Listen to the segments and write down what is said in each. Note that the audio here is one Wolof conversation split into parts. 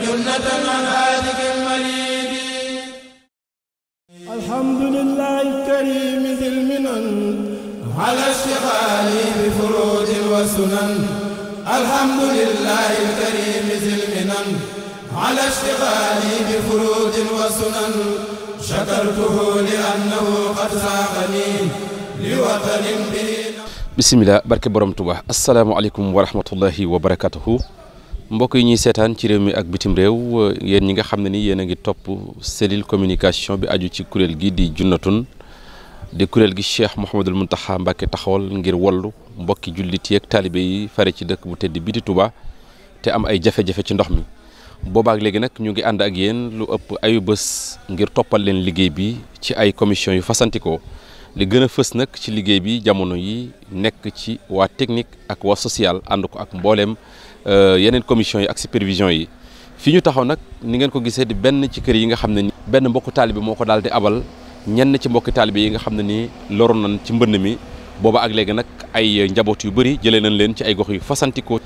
وجنة عن هالك المريد الحمد لله الكريم ذي المنن على اشتغال بفروج وسنن الحمد لله الكريم ذي المنن على اشتغال بفروج وسنن شكرته لأنه قد ساقني لوطن به bisimilah barke borom Tuuba asalaamaaleykum wa rahmatullahi wa barakatuhu mbokk yi ñuy seetaan ci réew mi ak bitim réew yéen ñi nga xam ne ni yéen a ngi topp cellule communication bi aju ci kuréel gi di junnatun di kuréel gi cheikh Mouhamadul Mountakha Mbacké taxawal ngir wallu mbokki jullit yeeg taalibe yi fare ci dëkk bu tedd bi di Touba te am ay jafe-jafe ci ndox mi boobaak léegi nag ñu ngi ànd ak yéen lu ëpp ayu bés ngir toppal leen liggéey bi ci ay commission yu fasantikoo li gën a fës nag ci liggéey bi jamono yi nekk ci waa technique ak waa social ànd ak mbooleem Euh, yeneen commission yi ak supervision yi fi ñu taxaw nag ni ngeen ko gisee di benn ci kër yi nga xam ne ni benn mbokku taalibe moo ko daal abal ñenn ci mbokki taalibe yi nga xam ne nii loru nañ ci mbënn mi booba ak léegi nag ay njaboot yu bari jëlee nañ leen ci ay gox yu fasantikoo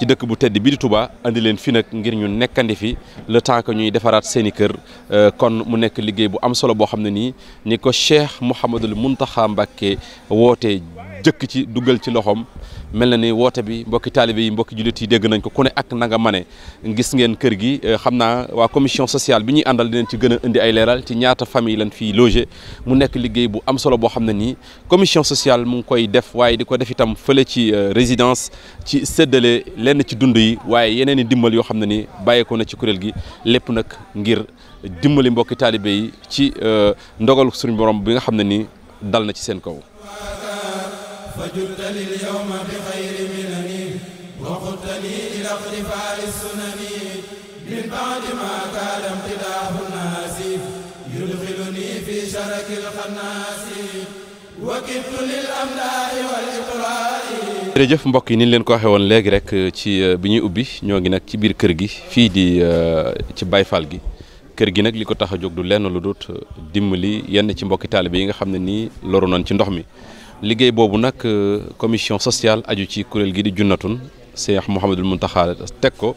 ci dëkk bu tedd bi di Touba andi leen fi nag ngir ñu nekkandi fi le temps que ñuy defaraat seen i kër euh, kon mu nekk liggéey bu am solo boo xam ne nii ni ko Cheikh Mouhamadul Mountakha Mbacké woote jëkk ci duggal ci loxoom mel na ni woote bi mbokki taalibe yi mbokki jullit yi dégg nañ ko ku ne ak nanga nga mane gis ngeen kër gi eh, xam naa waa commission sociale bi ñuy àndal dinañ ci gën a indi ay leeral ci ñaata famille lañ fii logé mu nekk liggéey bu am solo boo xam ne nii commission sociale mu ngi koy def waaye di ko def itam fële ci eh, résidence ci séddale lenn ci dund yi waaye yeneen i dimbal yoo xam ne ni bàyyeekoo na ci kuréel gi lépp nag ngir dimbali mbokki taalibe yi ci eh, ndogalu suñu borom bi nga xam ne ni dal na ci seen kaw فجدت لليوم بخير منني وقلتني إلى اقتفاء السنن من بعد ما كان امتداح الناس يدخلني في شرك الخناس وكدت للأملاح والإقراء jërëjëf mbokk yi ni ñu leen ko waxee woon léegi rek euh, ci euh, bi ñuy ubbi ñoo ngi nag ci biir kër gi fii di euh, ci bayfal gi kër gi nag li ko tax a jóg du lenn lu dut dimbali yenn ci mbokki taalibe yi nga xam ne nii loru nañ ci ndox mi liggéey boobu nag euh, commission sociale aju ci kuréel gi di junnatun Cheikh Mouhamadul Mountakha teg ko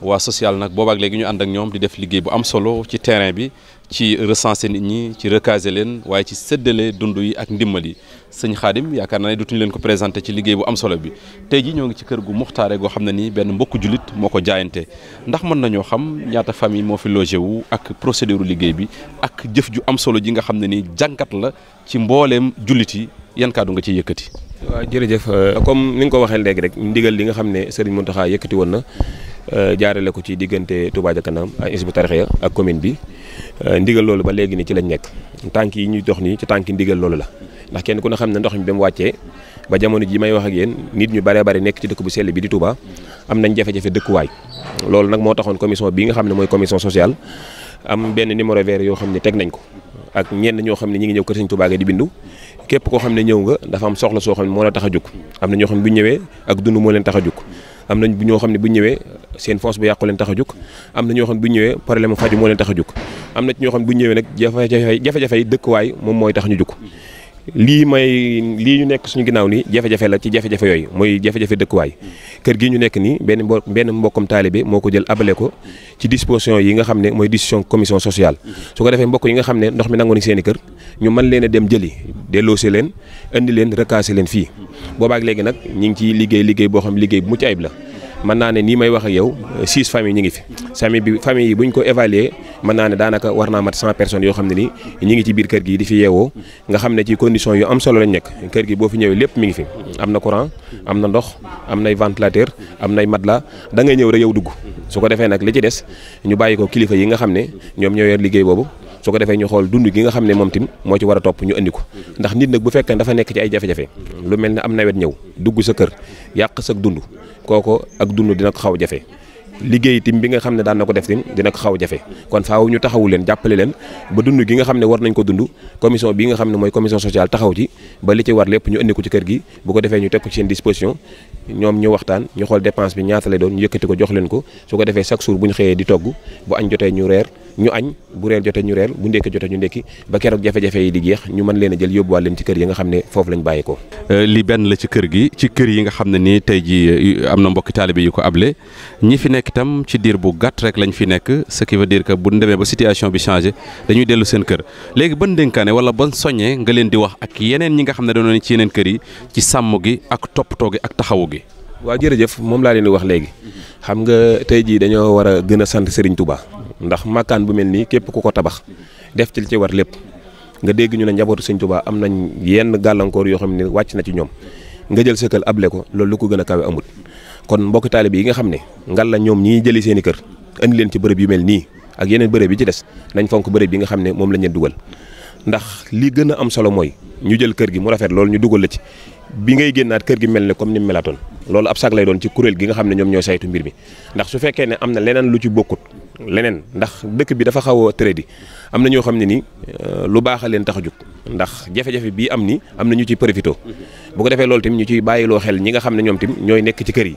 waa social nag boobaak léegi ñu ànd ak ñoom di def liggéey bu am solo ci terrain bi ci recenser nit ñi ci recaser leen waaye ci seddale dund yi ak ndimbal yi sëñ Xaadim yaakaar naa ne dutuñu leen ko présenté ci liggéey bu am solo bi tey ji ñoo ngi ci kër gu moxtaare goo xam ne nii benn mbokku jullit moo ko jaayante ndax mën nañoo xam ñaata famille moo fi wu ak procédure liggéey bi ak jëf ju am solo ji nga xam ne nii jànkat la ci mbooleem jullit yi yan kàddu nga ciy yëkkati. jërëjëf euh, comme ni nga ko waxee léegi rek ndigal li nga xam ne Serigne Mountakha yëkkati woon na euh, jaarale ko ci diggante Touba Ca Kanam ak Hizbut Tarqiyyah ak commune bi euh, ndigal loolu ba léegi ni ci lañ nekk tànk yi ñuy dox nii ci tànk ndigal loolu la ndax kenn ku ne xam ne ndox mi ba mu wàccee ba jamono ji may wax ak yéen nit ñu bare bare nekk ci dëkk bu sell bi di Touba am nañ jafe-jafe dëkkuwaay loolu nag moo taxoon commission bi nga xam ne mooy commission sociale am benn numéro vert yoo xam ne teg nañ ko ak ñenn ñoo xam ne ñi ngi ñëw kër Serigne Touba gi di bindu képp koo xam ne ñëw nga dafa am soxla soo xam ne moo la tax a jóg am na ñoo xam ne bu ñëwee ak dund moo leen tax a am nañ ñoo xam ne bu ñëwee seen force bu yàqu leen tax a jóg am na ñoo xam ne bu ñëwee problème faju moo leen tax a jóg am na ñoo xam ne bu ñëwee jafa jafe-jafe jafe dëkk dëkkuwaay moom mooy tax ñu jóg lii may lii ñu nekk suñu ginnaaw nii jafe-jafe la ci jafe-jafe yooyu mooy jafe-jafe dëkkuwaay kër gi ñu nekk nii benn mbo benn mbokkum taalibe moo ko jël abale ko ci disposition yi nga xam ne mooy décision commission sociale su ko defee mbokk yi nga xam ne ndox mi nangu ni seen kër ñu mën leen a dem jëli delloose leen indi leen recasé leen fii boobaak léegi nag ñi ngi ciy liggéey liggéey boo xam liggéey bu mucc ayib la mën naa ne nii may wax ak yow six familles ñu ngi fi famille bi famille yi buñ ko évaluer mën naa ne daanaka war naa mat cent personnes yoo xam ne nii ñu ngi ci biir kër gi di fi yeewoo nga xam ne ci condition yu am solo lañ nekk kër gi boo fi ñëwee lépp mi ngi fi am na courant am na ndox am nay ventilateur am nay matelas da ngay ñëw rek yow dugg su ko defee nag li ci des ñu bàyyi ko kilifa yi nga xam ne ñoom ñëwee liggéey boobu su ko defee ñu xool dund gi nga xam ne moom tim moo ci war a topp ñu andi ndax nit nag bu fekkee dafa nekk ci ay jafe-jafe lu mel ne am nawet ñëw dugg sa kër yàq sa dund kooko ak dund dina ko xaw jafe liggéey tim bi nga xam ne daan na ko def tim dina ko xaw jafe kon faaw ñu taxawu leen jàppale leen ba dundu gi nga xam ne war nañ ko dund commission bi nga xam ne mooy commission sociale taxaw ci ba li ci war lépp ñu indi ko ci kër gi bu ko defee ñu teg ko ci seen disposition ñoom ñu waxtaan ñu xool dépense bi ñaata lay doon ñu yëkkati ko jox leen ko su ko defee chaque jour bu ñu xëyee di togg bu añ jotee ñu reer ñu añ bu reer jotee ñu reer bu ndekki jotee ñu ndekki ba keroog jafe-jafe yi di jeex ñu mën leen a jël yóbbuwaat leen ci kër yi nga xam ne foofu lañ bàyyi ko euh, li benn la ci kër gi ci kër yi nga xam ne nii tey ji am na mbokki taalibe yu ko able ñi fi nekk itam ci diir bu gàtt rek lañ fi nekk ce qui veut que bu demee ba situation bi changé dañuy dellu seen kër léegi ban dénkaane wala ban soññee nga leen di wax ak yeneen ñi nga xam ne dañoo ci yeneen kër yi ci sàmm gi ak toppatoo gi ak taxawu gi waaw jërëjëf moom laa leen di wax léegi xam nga tey jii dañoo war a gën a sant Serigne Touba ndax makkaan bu mel nii képp ku ko tabax def ci li ci wat lépp nga dégg ñu ne njabootu sëñ Tuubaa am nañ yenn gàllankoor yoo xam ne wàcc na ci ñoom nga jël sa ab able ko loolu lu ko gën a kawe amut kon mbokki taalibe yi nga xam ne ngal la ñoom ñi jëli seen i kër indi leen ci bërëb yu mel nii ak yeneen bërëb yi ci des nañ fonk bërëb yi nga xam ne moom lañ leen dugal ndax li gën a am solo mooy ñu jël kër gi mu rafet loolu ñu dugal la ci bi ngay génnaat kër gi mel ne comme ni melatoon loolu ab sag lay doon ci kuréel gi nga xam ne ñoom ñoo saytu mbir mi ndax su fekkee ne am na leneen lu ci bokkut leneen ndax dëkk bi dafa xaw a tëradi am na ñoo xam ne ni euh, lu baax a leen tax a jug ndax jafe-jafe bii am ni am na ñu ci profité mhm. bu ko defee loolu tim ñu ciy bàyyiloo xel ñi nga xam ne ñoom tim ñooy nekk ci kër yi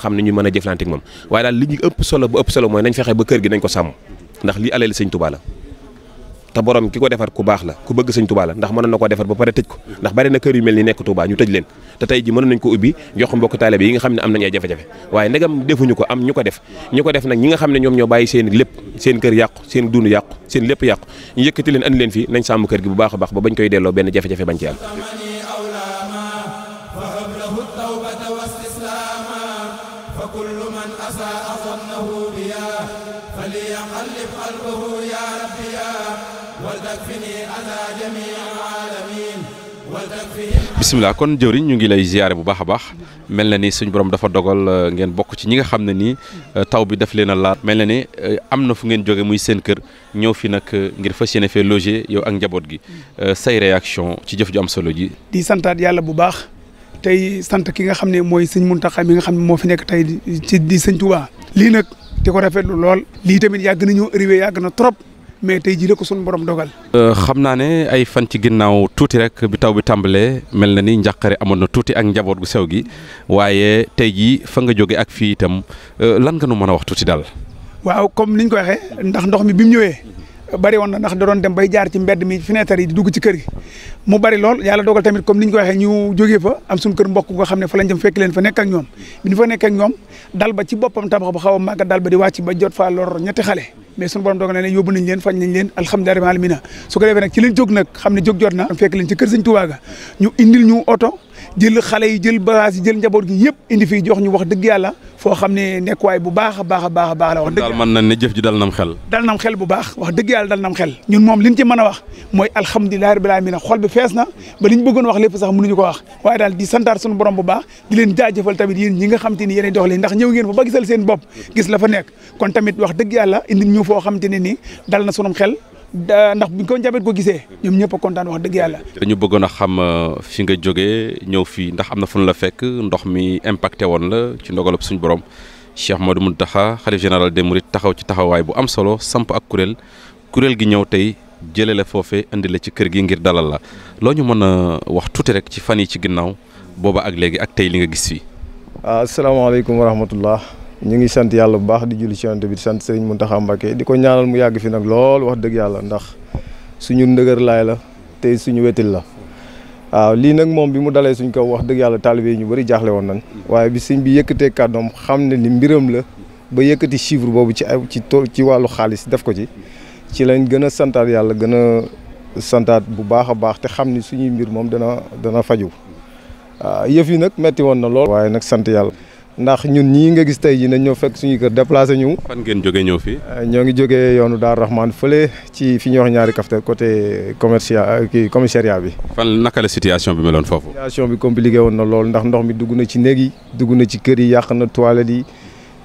xam ne ñu mën a jëflante moom waaye daal li ñu ëpp solo bu ëpp solo mooy nañ fexe ba kër gi nañ ko sàmm ndax lii alali sëñ Tuubaa la te borom ki ko defar ku baax la ku bëgg sañ Tuubaa ndax mënoon na ko defar ba pare tëj ko ndax bari na kër yu mel ni nekk Tuubaa ñu tëj leen te tey ji mënoon nañ ko ubbi jox mbokk taalibe yi nga xam ne am nañ ay jafe-jafe waaye ndegam defuñu ko am ñu ko def ñu ko def nag ñi nga xam ne ñoom ñoo bàyyi seen lépp seen kër seen dund yàqu seen lépp yàqu ñu leen andi leen fii nañ sàmm kër gi bu baax baax ba bañ koy delloo benn jafe-jafe bañ bisimilah kon jëwriñ ñu ngi lay ziyaare bu baax a baax mel na ni suñ borom dafa dogal euh, ngeen bokk ci ñi nga xam ne nii euh, taw bi daf leen a laat mel na ni euh, am na fu ngeen jóge muy seen kër ñëw fi nag ngir fas yéene fee loger yow ak njaboot gi say réaction ci jëf ju am solo ji. di santaat yàlla bu baax tey sant ki nga xam ne mooy sëñ Muntaxa mi nga xam ne moo fi nekk tey ci di sëñ Tuubaa lii nag di ko rafetlu lool. lii tamit yàgg nañoo arrivé yàgg na trop. mais tey jii la ko suñu borom dogal. Euh, xam naa ne ay fan ci ginnaaw tuuti rek bi taw bi tàmbalee mel na ni njàqare amoon na tuuti ak njaboot gu sew gi waaye tey jii fa nga jóge ak fii itam euh, lan nga nu mën a wax tuuti daal. waaw comme niñ koy waxee ndax ndox mi bi mu ñëwee. bari woon na ndax da doon bay jaar ci mbedd mi fenêtre yi di dugg ci kër gi mu bari lool yàlla dogal tamit comme ni ñu ko waxee ñu jógee fa am suñu kër mbokk nga xam ne fa lañ jëm fekk leen fa nekk ak ñoom bi ñu fa nekk ñoom dal ba ci boppam tabax ba xaw a màgg di wàcc ba jot faa lor ñetti xale mais suñu borom dogal na leen yóbbu nañ leen fañ nañ leen alhamdulilah rabbil alamin ko defee nag ci lañ jóg nag xam ne jóg jot na fekk leen ci kër sëñ Tuubaa ga ñu indil ñu oto jël xale yi jël bagages yi jël njaboot gi yëpp indi fii jox ñu wax dëgg yàlla foo xam ne nekkuwaay bu baax baax a baax a baax la wax dëgg daal mën nañ ne jëf ji dal nam xel dal nam xel bu baax wax dëgg yàlla nam xel ñun moom liñ ci mën a wax mooy alhamdulilahi rabbil alamin xol bi fees na ba liñ bëggoon wax lépp sax mënuñu ko wax waaye daal di santaat suñu borom bu baax di leen jaajëfal tamit yéen ñi nga xam te ni yéenay dox leen ndax ñëw ngeen fa ba gisal seen bopp gis la fa nekk kon tamit wax dëgg yàlla indi ñu foo xam te ne ni dal na sunum xel ndax buñ ko njaboot ko gisee ñoom ñëpp a kontaan wax dëgg yàlla. dañu bëggoon a xam euh, fi nga jógee ñëw fii ndax am na fu la fekk ndox mi impacté woon la ci ndogalub suñu borom Cheikh mu Mountakha xalif général des taxaw ci taxawaay bu am solo samp ak kuréel kuréel gi ñëw tey jëlee la foofee indi la ci kër gi ngir dalal la loo ñu mën a wax tuuti rek ci fan yi ci ginnaaw booba ak léegi ak tey li nga gis fii. ñu ngi sant yàlla bu baax di julli ci yonent bi di sant Serigne Mountakha Mbacké di ko ñaanal mu yàgg fi nag lool wax dëgg yàlla ndax suñu ndëgër laay la te suñu wetil la waaw lii nag moom bi mu dalee suñ ko wax dëgg yàlla taalibe yi ñu bari jaaxle woon nañ waaye bi sëñ bi yëkkatee kàddoom xam ne ni mbiram la ba yëkkati chiffre boobu ci ay ci ci wàllu xaalis def ko ci ci lañ gën a santaat yàlla gën a santaat bu baax a baax te xam ni suñuy mbir moom dana dana faju yëf yi nag metti woon na lool waaye nag sant yàlla ndax ñun ñii nga gis tey jii nañ ñoo fekk suñu kër déplacé ñu. fan ngeen jógee ñëw fii. Euh, ñoo ngi jógee yoonu Daaru Rahman fële ci fi ñuy wax ñaari kafte côté commercial euh, kii commissariat bi. fan naka la situation bi meloon foofu. situation bi compliqué woon na lool ndax ndox mi dugg na ci néeg yi dugg na ci kër yi yàq na toilette yi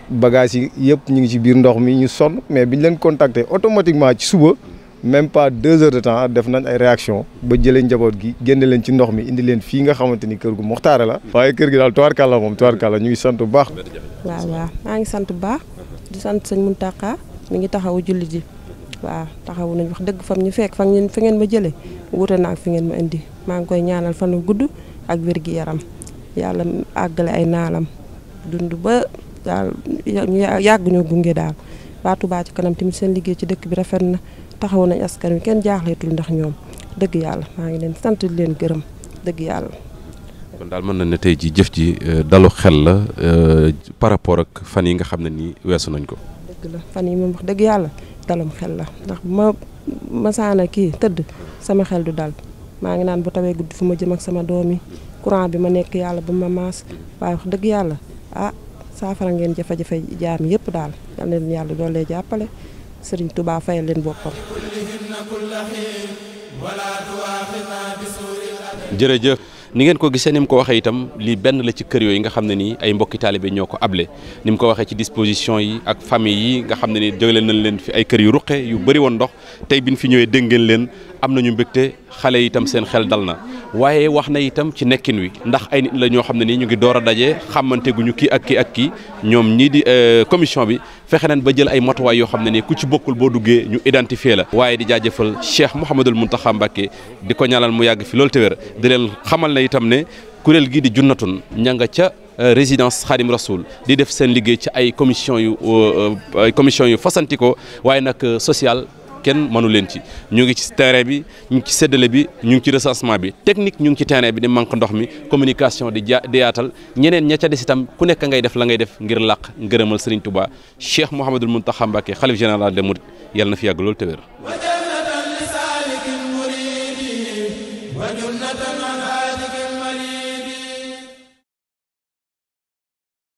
bagage yi yëpp ñu ngi ci biir ndox mi ñu sonn mais biñ leen contacter automatiquement ci suba. même pas deux heures de temps def nañ ay réaction ba jëlee njaboot gi génne leen ci ndox mi indi leen fii nga xamante ni kër gu muxtaare la. waaye kër gi daal tubaarkàlla moom tubaarkàlla ñu ngi sant bu baax. waaw waaw maa ngi sant bu baax di sant sañ mun Mountakha mu ngi taxawu jullit yi waaw taxawu nañ wax dëgg fam ñu fekk fa ngeen fa ngeen ma jëlee wuute na ak fi ngeen ma indi maa ngi koy ñaanal fan wu gudd ak wér gi yaram yàlla àggale ay naalam dund ba daal yàgg ñoo gunge daal waa Touba ci kanam tamit seen liggéey ci dëkk bi rafet na taxaw nañ askan wi kenn jaaxleetul ndax ñoom dëgg yàlla maa ngi leen sant leen gërëm dëgg yàlla. kon daal mën na ne tey ji jëf ji euh, dalu xel la euh, par rapport ak fan yi nga xam ne nii weesu nañ ko. dëgg fan yi moom wax dëgg yàlla dalum xel la ndax ma masaana kii tëdd sama xel du dal maa ngi naan bu tawee guddi fu ma jëm ak sama doom yi courant bi ma nekk yàlla bu ma maas waaye wax dëgg yàlla ah saafara ngeen jafe-jafe jaam yëpp daal yal na leen yàlla doole jàppale. sëriñ Touba fayal leen boppam. jërëjëf ni ngeen ko gisee ni mu ko waxee itam lii benn la ci kër yooyu nga xam ne ni ay mbokki taalibe ñoo ko able ni mu ko waxee ci disposition yi ak famille yi nga xam ne nii jëlee nañ leen fi ay kër yu ruqe yu bari woon ndox tey bi fi ñëwee dégg ngeen leen am nañu mbégte xale yitam seen xel dal na waaye wax na itam ci nekkin wi ndax ay nit la ñoo xam ne nii ñu ngi door a daje xamante guñu kii ak kii ak kii ñoom ñii di euh, commission bi fexe nañ ba jël ay matuwaay yoo xam ne ni ku ci bokkul boo duggee ñu identifier la. waaye di jaajafal Cheikh Mouhamadul Mountakha Mbacké di ko ñalal mu yàgg fi loolu te wér di leen xamal na itam ne kuréel gii di junnatun ña nga ca. Euh, résidence Khadim Rasoul di def seen liggéey ci ay commission yu euh, ay commission yu fasanti waaye nag social kenn mënu leen ci ñu ngi ci terrain bi ñu ngi ci séddale bi ñu ngi ci recensement bi technique ñu ngi ci terrain bi di manque ndox mi communication di ja di yaatal ñeneen ña ca des itam ku nekk ngay def la ngay def ngir làq ngërëmal Serigne Touba Cheikh Mouhamadul Mountakha Mbacké xalif général des Mourides yàlla na fi yàgg loolu te wér